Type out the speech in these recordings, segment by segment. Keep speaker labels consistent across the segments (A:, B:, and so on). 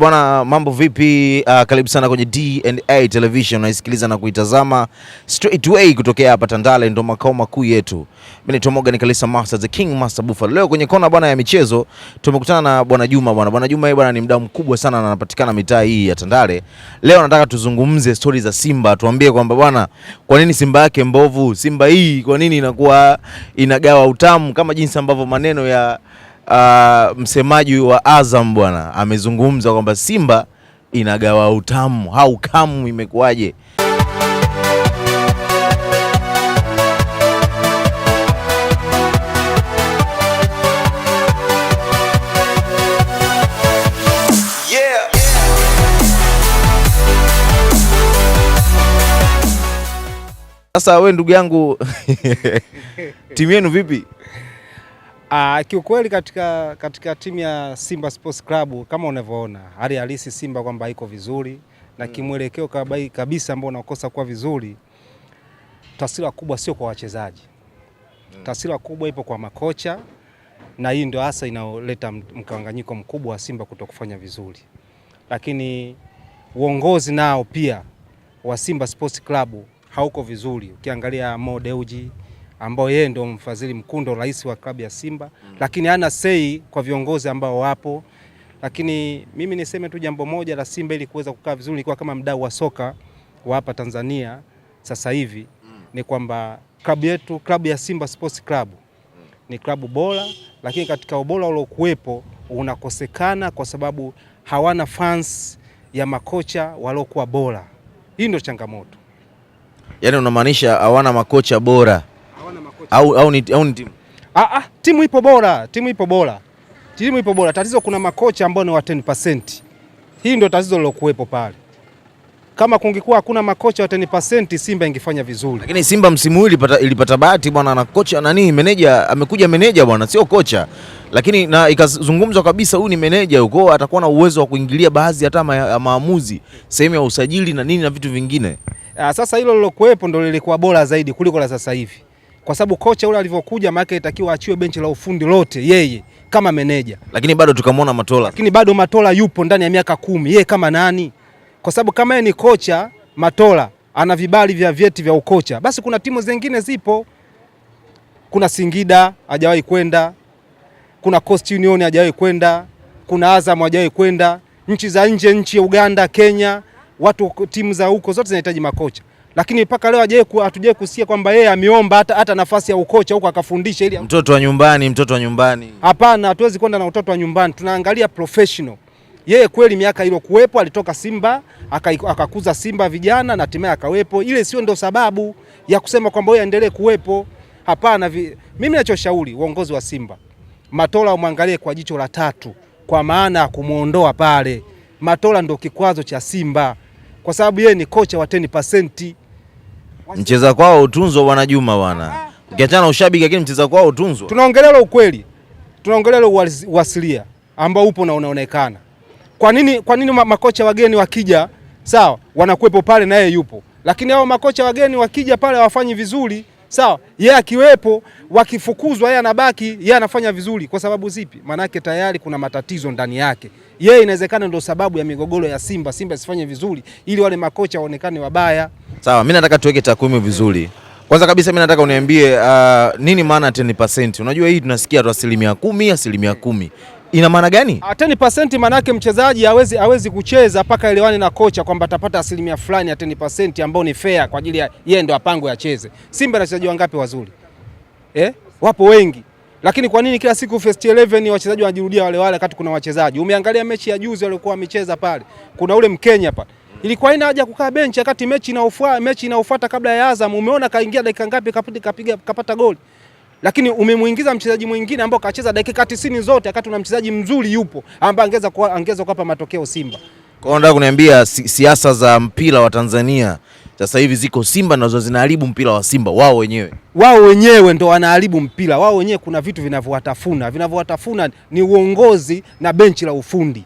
A: Bwana, mambo vipi? Uh, karibu sana kwenye D&A Television, unaisikiliza na kuitazama straight way kutokea hapa Tandale, ndo makao makuu yetu. Mimi ni Tomoga Kalisa Master the King Master Buffalo. Leo kwenye kona bwana ya michezo tumekutana na bwana Juma bwana. Bwana Juma bwana ni mdau mkubwa sana na anapatikana mitaa hii ya Tandale. Leo nataka tuzungumze stori za Simba, tuambie kwamba bwana, kwa nini Simba yake mbovu? Simba hii kwa nini inakuwa inagawa utamu kama jinsi ambavyo maneno ya uh, msemaji wa Azam bwana amezungumza kwamba Simba inagawa utamu au kamu, imekuwaje? Sasa we ndugu yangu timu yenu vipi?
B: Ah, kiukweli katika, katika timu ya Simba Sports Club kama unavyoona hali halisi Simba kwamba iko vizuri na mm. kimwelekeo kabisa ambao unakosa kuwa vizuri, taswira kubwa sio kwa wachezaji mm. taswira kubwa ipo kwa makocha, na hii ndio hasa inaoleta mkanganyiko mkubwa wa Simba kuto kufanya vizuri, lakini uongozi nao pia wa Simba Sports Club hauko vizuri, ukiangalia Mo Dewji ambao yeye ndio mfadhili mkundo rais wa klabu ya Simba mm. lakini ana sei kwa viongozi ambao wapo. Lakini mimi niseme tu jambo moja la Simba ili kuweza kukaa vizuri kwa kama mdau wa soka wa hapa Tanzania sasa hivi mm. ni kwamba klabu yetu, klabu ya Simba Sports Club mm. ni klabu bora, lakini katika ubora uliokuwepo unakosekana kwa sababu hawana fans ya makocha waliokuwa bora. Hii ndio changamoto.
A: Yaani unamaanisha hawana makocha bora? au, au, ni, au ni timu?
B: Ah, ah, timu ipo bora, timu ipo bora, timu ipo bora. Tatizo kuna makocha ambao ni wa 10%. Hii ndio tatizo lilokuwepo pale. Kama kungekuwa hakuna makocha wa 10%, Simba ingefanya vizuri,
A: lakini Simba msimu huu ilipata, ilipata bahati bwana na kocha nani, meneja amekuja, meneja bwana, sio kocha, lakini na ikazungumzwa kabisa, huyu ni meneja huko, atakuwa na uwezo wa kuingilia baadhi hata ma, ya maamuzi sehemu ya usajili na nini na vitu vingine.
B: Ah, sasa hilo lilokuwepo ndio lilikuwa bora zaidi kuliko la sasa hivi kwa sababu kocha yule alivyokuja, maana itakiwa achiwe benchi la ufundi lote yeye kama meneja,
A: lakini bado tukamwona Matola,
B: lakini bado Matola yupo ndani ya miaka kumi, yeye kama nani? Kwa sababu kama yeye ni kocha Matola ana vibali vya vyeti vya ukocha, basi kuna timu zingine zipo, kuna Singida hajawahi kwenda, kuna Coast Union hajawahi kwenda, kuna Azam hajawahi kwenda, nchi za nje, nchi ya Uganda, Kenya, watu timu za huko zote zinahitaji makocha lakini mpaka leo hatujawai kusikia kwamba yeye ameomba hata, hata nafasi ya ukocha huko akafundisha ili
A: mtoto wa nyumbani. Mtoto wa nyumbani,
B: hapana, hatuwezi kwenda na mtoto wa nyumbani. Tunaangalia professional. Yeye kweli miaka ile kuwepo, alitoka Simba akakuza Simba vijana na hatimaye akawepo. Ile sio ndio sababu ya kusema kwamba yeye aendelee kuwepo, hapana. Vi... mimi nachoshauri uongozi wa Simba, Matola umwangalie kwa jicho la tatu, kwa maana ya kumuondoa pale. Matola ndio kikwazo cha Simba kwa sababu yeye ni kocha wa 10%.
A: Mcheza kwao utunzo bwana Juma bwana, ukiachana na ushabiki, lakini mcheza kwao utunzo.
B: Tunaongelea ukweli, tunaongelea uasilia ambao upo na unaonekana. Kwa nini, kwa nini makocha wageni wakija sawa wanakuepo pale, naye yupo, lakini hao makocha wageni wakija pale hawafanyi vizuri sawa. Yeye akiwepo, wakifukuzwa yeye anabaki, yeye anafanya vizuri. Kwa sababu zipi? Maanake tayari kuna matatizo ndani yake. Yeye inawezekana ndio sababu ya migogoro ya Simba, Simba sifanye vizuri, ili wale makocha waonekane wabaya.
A: Sawa, mimi nataka tuweke takwimu vizuri. Kwanza kabisa mimi nataka uniambie uh, nini maana 10%? Unajua hii tunasikia tu asilimia kumi, asilimia kumi ina maana gani?
B: Ateni ah, pasenti maana yake mchezaji hawezi hawezi kucheza mpaka elewani na kocha kwamba atapata asilimia fulani ateni pasenti ambayo ni fair kwa ajili ya yeye ndo apangwe acheze. Simba na wachezaji wangapi wazuri eh? Wapo wengi lakini kwa nini kila siku first 11 wachezaji wanajirudia wale wale? Wakati kuna wachezaji, umeangalia mechi ya juzi waliokuwa wamecheza pale, kuna ule Mkenya pale, ilikuwa ina haja kukaa benchi wakati mechi inaofuata, mechi inaofuata kabla ya Azam, umeona kaingia dakika ngapi, kapiga kapata goli lakini umemwingiza mchezaji mwingine ambao kacheza dakika 90 zote, akati una mchezaji mzuri yupo ambaye angeza kwa, angeza kwa matokeo Simba.
A: Kwa hiyo nataka kuniambia si, siasa za mpira wa Tanzania sasa hivi ziko Simba nazo zinaharibu mpira wa Simba wao wenyewe,
B: wao wenyewe ndo wanaharibu mpira wao wenyewe. Kuna vitu vinavyowatafuna, vinavyowatafuna ni uongozi na benchi la ufundi.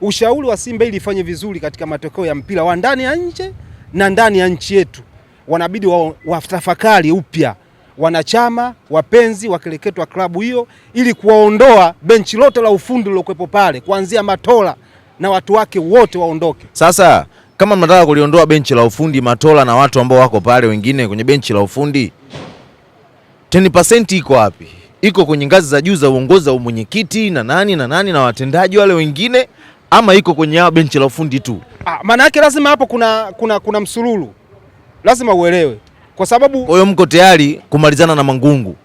B: Ushauri wa Simba ili ifanye vizuri katika matokeo ya mpira wa ndani ya nje na ndani ya nchi yetu, wanabidi watafakari upya wanachama wapenzi wa klabu hiyo ili kuwaondoa benchi lote la ufundi lilokuwepo pale kuanzia Matola na watu wake wote waondoke.
A: Sasa kama mnataka kuliondoa benchi la ufundi Matola na watu ambao wako pale wengine kwenye benchi la ufundi, 10% iko wapi? Iko kwenye ngazi za juu za uongozi wa umwenyekiti na nani na nani na watendaji wale wengine, ama iko kwenye hao benchi la ufundi tu?
B: Ah, maana yake lazima hapo kuna, kuna, kuna msululu lazima uelewe kwa sababu.
A: Kwa hiyo mko tayari kumalizana na Mangungu?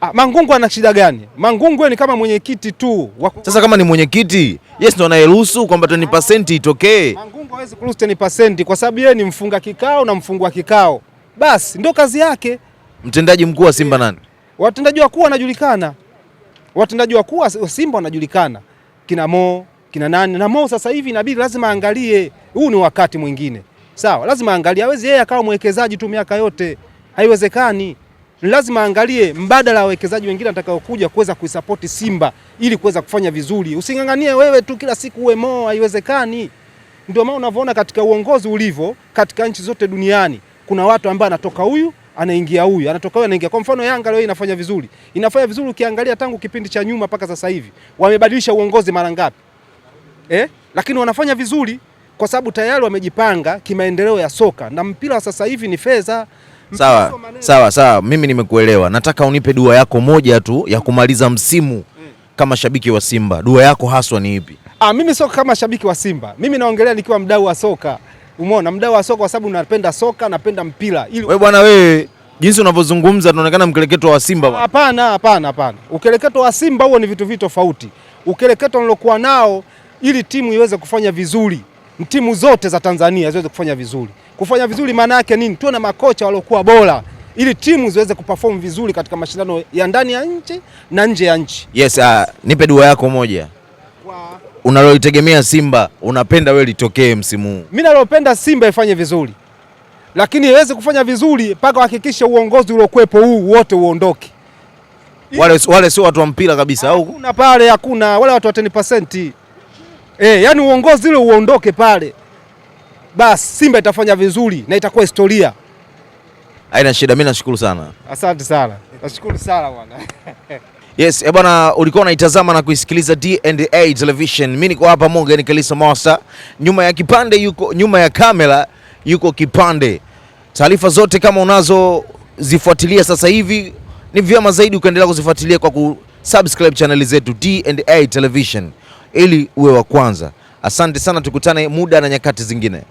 B: Ah, Mangungu ana shida gani? Mangungu ni kama mwenyekiti tu
A: Sasa kama ni mwenyekiti yes, ndo anayeruhusu kwamba 20% itokee.
B: Mangungu hawezi kuruhusu 20% kwa sababu yeye ni mfunga kikao na mfungwa kikao, basi ndo kazi yake.
A: Mtendaji mkuu wa Simba nani?
B: Watendaji wakuu wanajulikana, watendaji wakuu wa Simba wanajulikana, kina Mo kina nani na Mo. Sasa hivi inabidi lazima angalie, huu ni wakati mwingine sawa, lazima angalia. Hawezi yeye akawa mwekezaji tu miaka yote, haiwezekani. Lazima angalie mbadala wa wekezaji wengine atakaokuja kuweza kuisapoti Simba ili kuweza kufanya vizuri. Using'ang'anie wewe tu kila siku uwe moo, haiwezekani. Ndio maana unavyoona katika uongozi ulivyo katika nchi zote duniani, kuna watu ambao anatoka huyu anaingia huyu anatoka huyu anaingia. Kwa mfano Yanga leo inafanya vizuri, inafanya vizuri ukiangalia tangu kipindi cha nyuma mpaka sasa hivi wamebadilisha uongozi mara ngapi eh? Lakini wanafanya vizuri kwa sababu tayari wamejipanga kimaendeleo ya soka na mpira wa sasa hivi ni fedha.
A: Sawa, sawa, sawa, mimi nimekuelewa. Nataka unipe dua yako moja tu ya kumaliza msimu Kama shabiki wa Simba dua yako haswa ni ipi?
B: Ah, mimi soka kama shabiki wa Simba, mimi naongelea nikiwa mdau wa soka. Umeona, mdau wa soka kwa sababu napenda soka, napenda mpira. Ili
A: wewe bwana, wewe jinsi unavyozungumza tunaonekana mkeleketo wa Simba.
B: Hapana, hapana, hapana, ukeleketo wa Simba huo ni vitu vitu tofauti. Ukeleketo nilokuwa nao ili timu iweze kufanya vizuri timu zote za Tanzania ziweze kufanya vizuri. Kufanya vizuri maana yake nini? Tuwe na makocha waliokuwa bora ili timu ziweze kuperform vizuri katika mashindano ya ndani ya nchi na nje ya nchi.
A: Yes, uh, nipe dua yako moja kwa unaloitegemea Simba, unapenda wewe litokee msimu huu.
B: Mimi nalopenda Simba ifanye vizuri, lakini iweze kufanya vizuri mpaka hakikishe uongozi uliokuwepo huu wote uondoke.
A: Wale wale sio watu wa mpira kabisa au?
B: Hakuna pale, hakuna wale watu wa 10% eh, yani uongozi ule uondoke pale, bas Simba itafanya vizuri na itakuwa historia.
A: Haina shida, mimi nashukuru sana.
B: Asante sana, nashukuru sana bwana.
A: Yes, eh bwana, ulikuwa unaitazama na kuisikiliza D&A Television. Mimi niko hapa ni Kalisa Mosta. nyuma ya kipande yuko, nyuma ya kamera yuko kipande. Taarifa zote kama unazozifuatilia sasa hivi ni vyema zaidi ukaendelea kuzifuatilia kwa kusubscribe chaneli zetu D&A Television ili uwe wa kwanza. Asante sana, tukutane muda na nyakati zingine.